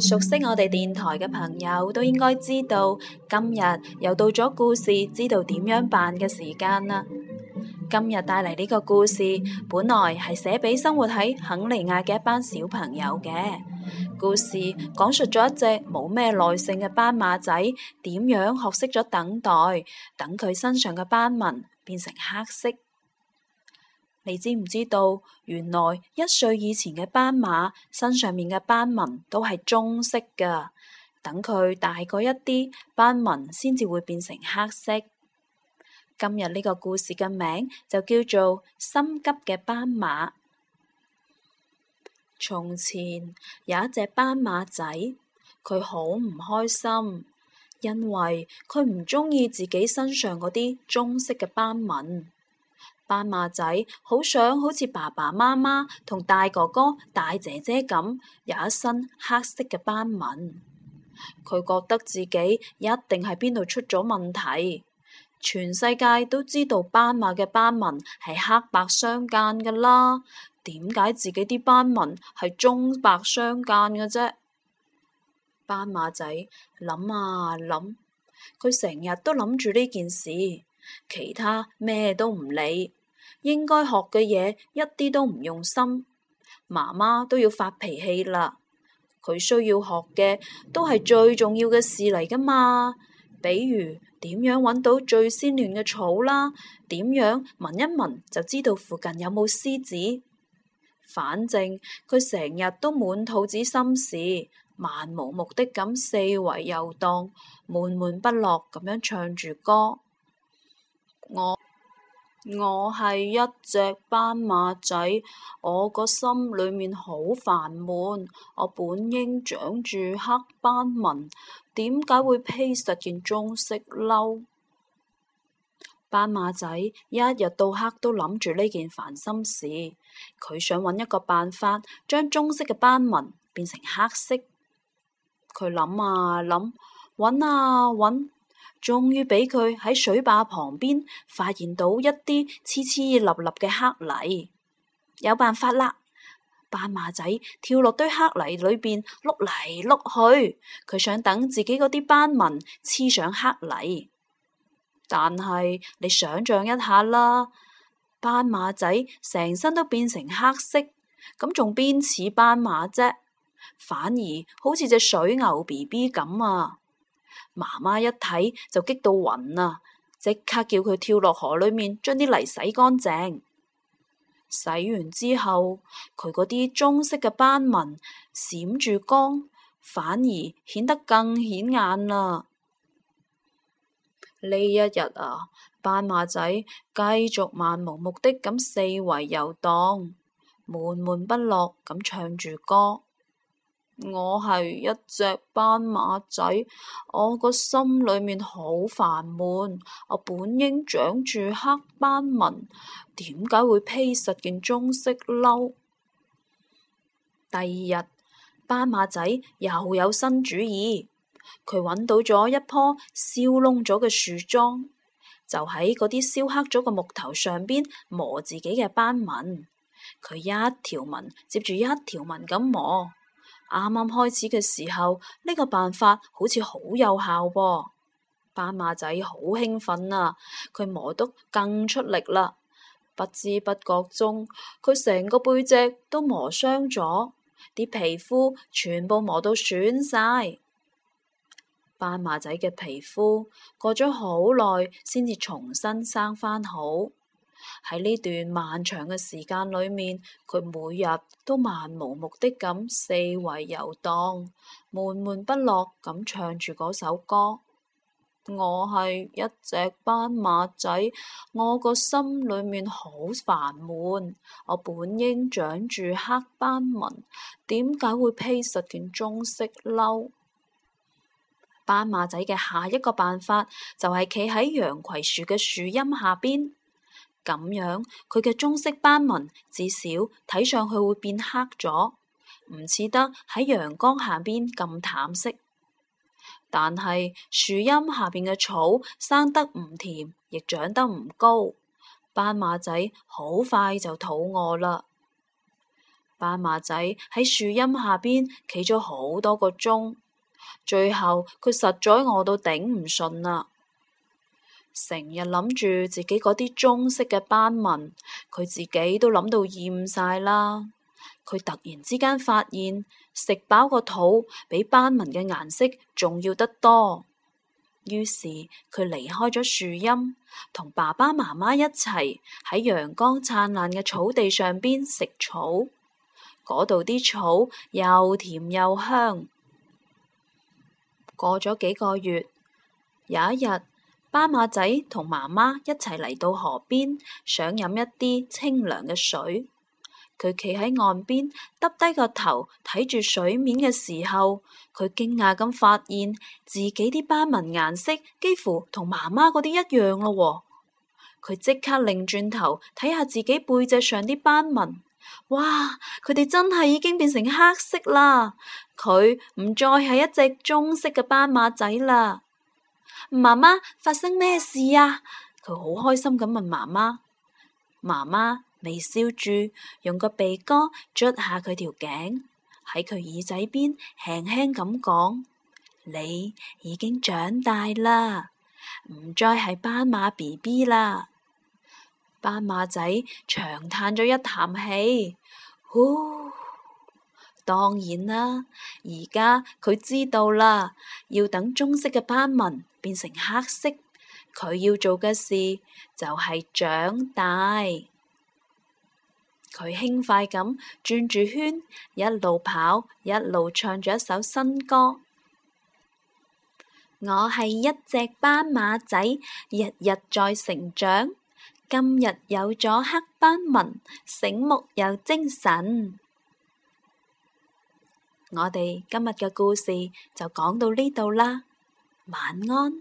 熟悉我哋電台嘅朋友都應該知道，今日又到咗故事知道點樣辦嘅時間啦。今日帶嚟呢個故事，本來係寫畀生活喺肯尼亞嘅一班小朋友嘅。故事講述咗一隻冇咩耐性嘅斑馬仔，點樣學識咗等待，等佢身上嘅斑紋變成黑色。你知唔知道？原來一歲以前嘅斑馬身上面嘅斑紋都係棕色㗎，等佢大個一啲，斑紋先至會變成黑色。今日呢個故事嘅名就叫做《心急嘅斑馬》。從前有一隻斑馬仔，佢好唔開心，因為佢唔中意自己身上嗰啲棕色嘅斑紋。斑馬仔好想好似爸爸媽媽同大哥哥、大姐姐咁，有一身黑色嘅斑紋。佢覺得自己一定係邊度出咗問題。全世界都知道斑馬嘅斑紋係黑白相間噶啦，點解自己啲斑紋係棕白相間嘅啫？斑馬仔諗啊諗，佢成日都諗住呢件事。其他咩都唔理，應該學嘅嘢，一啲都唔用心，媽媽都要發脾氣啦。佢需要學嘅都係最重要嘅事嚟㗎嘛。比如點樣揾到最鮮嫩嘅草啦，點樣聞一聞就知道附近有冇獅子。反正佢成日都滿肚子心事，漫無目的咁四圍遊蕩，悶悶不樂咁樣唱住歌。我我，係一隻斑馬仔，我個心裏面好煩悶。我本應長住黑斑紋，點解會披實件棕色褸？斑馬仔一日到黑都諗住呢件煩心事，佢想搵一個辦法將棕色嘅斑紋變成黑色。佢諗啊諗，搵啊搵。終於俾佢喺水壩旁邊發現到一啲黐黐立立嘅黑泥，有辦法啦！斑馬仔跳落堆黑泥裏邊碌嚟碌去，佢想等自己嗰啲斑紋黐上黑泥。但係你想象一下啦，斑馬仔成身都變成黑色，咁仲邊似斑馬啫？反而好似隻水牛 BB 咁啊！媽媽一睇，就激到暈啦，即刻叫佢跳落河裏面，將啲泥洗乾淨。洗完之後，佢嗰啲棕色嘅斑紋閃住光，反而顯得更顯眼啦。呢一日啊，斑馬仔繼續漫無目的咁四圍遊蕩，悶悶不樂咁唱住歌。我係一隻斑馬仔，我個心裏面好煩悶。我本應長住黑斑紋，點解會披實件中式褸？第二日，斑馬仔又有新主意，佢揾到咗一棵燒燶咗嘅樹樁，就喺嗰啲燒黑咗嘅木頭上邊磨自己嘅斑紋。佢一條紋接住一條紋咁磨。啱啱開始嘅時候，呢個辦法好似好有效噃。斑馬仔好興奮啊！佢磨得更出力啦。不知不覺中，佢成個背脊都磨傷咗，啲皮膚全部磨到損晒。斑馬仔嘅皮膚過咗好耐，先至重新生返好。喺呢段漫長嘅時間裏面，佢每日都漫無目的咁四圍遊蕩，悶悶不樂咁唱住嗰首歌。我係一隻斑馬仔，我個心裏面好煩悶。我本應長住黑斑紋，點解會披實件中式褸？斑馬仔嘅下一個辦法就係企喺羊葵樹嘅樹蔭下邊。咁樣，佢嘅棕色斑紋至少睇上去會變黑咗，唔似得喺陽光下邊咁淡色。但係樹蔭下邊嘅草生得唔甜，亦長得唔高，斑馬仔好快就肚餓啦。斑馬仔喺樹蔭下邊企咗好多個鐘，最後佢實在餓到頂唔順啦。成日諗住自己嗰啲棕色嘅斑紋，佢自己都諗到厭晒啦。佢突然之間發現食飽個肚比斑紋嘅顏色重要得多。於是佢離開咗樹蔭，同爸爸媽媽一齊喺陽光燦爛嘅草地上邊食草。嗰度啲草又甜又香。過咗幾個月，有一日。斑馬仔同媽媽一齊嚟到河邊，想飲一啲清涼嘅水。佢企喺岸邊，耷低個頭睇住水面嘅時候，佢驚訝咁發現自己啲斑紋顏色幾乎同媽媽嗰啲一樣咯。佢即刻擰轉頭睇下自己背脊上啲斑紋，哇！佢哋真係已經變成黑色啦。佢唔再係一隻棕色嘅斑馬仔啦。媽媽，發生咩事呀、啊？佢好開心咁問媽媽。媽媽微笑住，用個鼻哥捽下佢條頸，喺佢耳仔邊輕輕咁講：你已經長大啦，唔再係斑馬 BB 啦。斑馬仔長嘆咗一啖氣，呼。當然啦，而家佢知道啦，要等棕色嘅斑紋變成黑色，佢要做嘅事就係長大。佢輕快咁轉住圈，一路跑，一路唱住一首新歌。我係一隻斑馬仔，日日在成長，今日有咗黑斑紋，醒目又精神。我哋今日嘅故事就講到呢度啦，晚安。